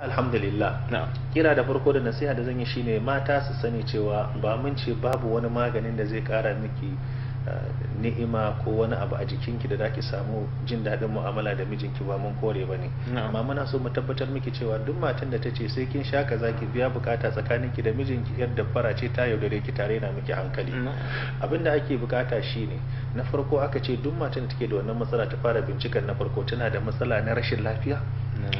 alhamdulillah kira da farko da nasiha da zan yi shine mata su sani cewa ba mun ce babu wani maganin da zai kara miki eh, ni'ima ko wani abu a jikinki da zaki samu jin daɗin mu'amala da mijinki ba mun kore ba ne amma muna so mu tabbatar miki cewa duk matan da ta ce sai kin sha kaza ki biya bukata tsakaninki da mijinki yar fara ce ta yaudare ki tare na miki hankali abinda ake bukata shine na farko aka ce duk matan da take da wannan matsala ta fara bincikan na farko tana da matsala na rashin lafiya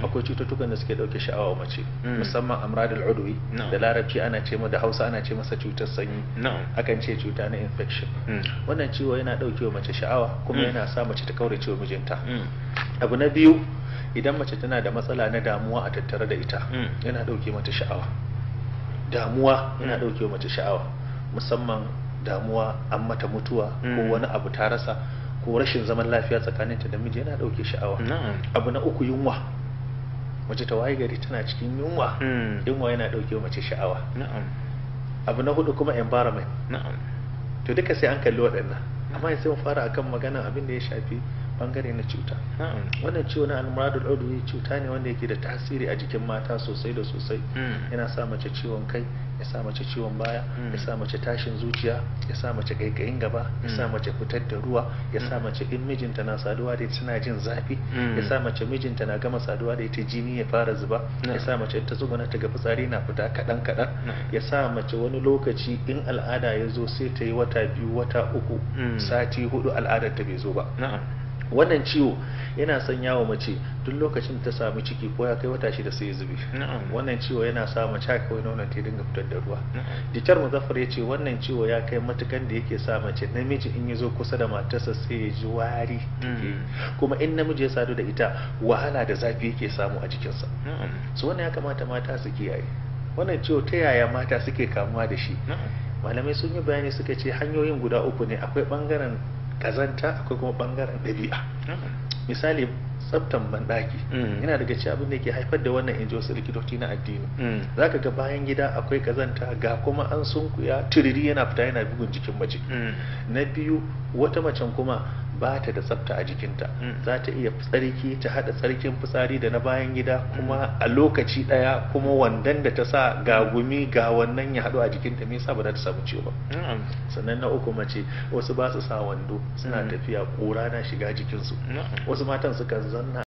akwai cututtukan da suke dauke sha'awa mace hmm. musamman amradul udwi da larabci ana ce da hausa ana ce masa cutar sanyi akan ce cuta na infection hmm. wannan ciwo yana dauke mace sha'awa kuma hmm. yana sa mace ta kaurace wa mijinta abu na biyu idan mace tana da matsala na damuwa a tattare da ita yana dauke mata sha'awa damuwa yana dauke mace sha'awa musamman damuwa an mata mutuwa ko wani abu ta rasa ko rashin zaman lafiya tsakaninta da miji yana dauke sha'awa abu na uku yunwa mace ta waye gari tana cikin yunwa hmm. yunwa yana ɗauke mace sha'awa abu na hudu kuma environment to duka sai an kalli waɗannan amma sai mu fara akan magana abin da ya shafi bangare na cuta wannan ciwo na almuradul cuta ne wanda yake da tasiri a jikin mata sosai da sosai hmm. yana sa mace ciwon kai ya sa mace ciwon baya hmm. ya sa mace tashin zuciya ya sa mace kaikayin gaba ya sa hmm. mace fitar da ruwa ya sa mace in mijinta na saduwa da tana jin zafi ya sa mace mijinta na gama saduwa da ita jini ya fara zuba ya sa mace ta zuguna ta ga fitsari na fita kaɗan kaɗan ya sa mace wani lokaci in al'ada ya zo sai ta yi wata biyu wata uku sati hudu al'adar ta bai zo ba wannan ciwo yana sanya wa mace duk lokacin ta samu ciki ko ya kai wata shida sai ya zube wannan ciwo yana sa mace kawai nonon ta dinga fitar da ruwa ditar muzaffar ya ce wannan ciwo ya kai matukan da yake sa mace namiji in ya zo kusa da matarsa sai ya ji wari mm. kuma in namiji ya sadu da ita wahala da zafi yake samu a jikinsa su wannan ya kamata mata su kiyaye wannan ciwo ta yaya mata suke kamuwa da shi malamai sun yi bayani suka ce hanyoyin guda uku ne akwai bangaren kazanta akwai kuma bangaren ɗabi'a misali tsaftan banɗaki mm. yana daga ci abin da ke haifar da wannan ji wasu likitoci na addini mm. za ka ga bayan gida akwai kazanta ga kuma an sunkuya turiri yana fita yana bugun jikin mace mm. na biyu wata macen kuma ba ta da tsafta a jikinta hmm. za ta iya tsarki ta haɗa tsarkin fitsari da na bayan gida kuma a lokaci ɗaya kuma wandan da ta sa ga gumi ga wannan ya haɗu a jikinta me yasa ba ta samu ciwo ba hmm. sannan na uku mace wasu ba su sa wando suna hmm. tafiya ƙura na shiga jikinsu wasu matan sukan zanna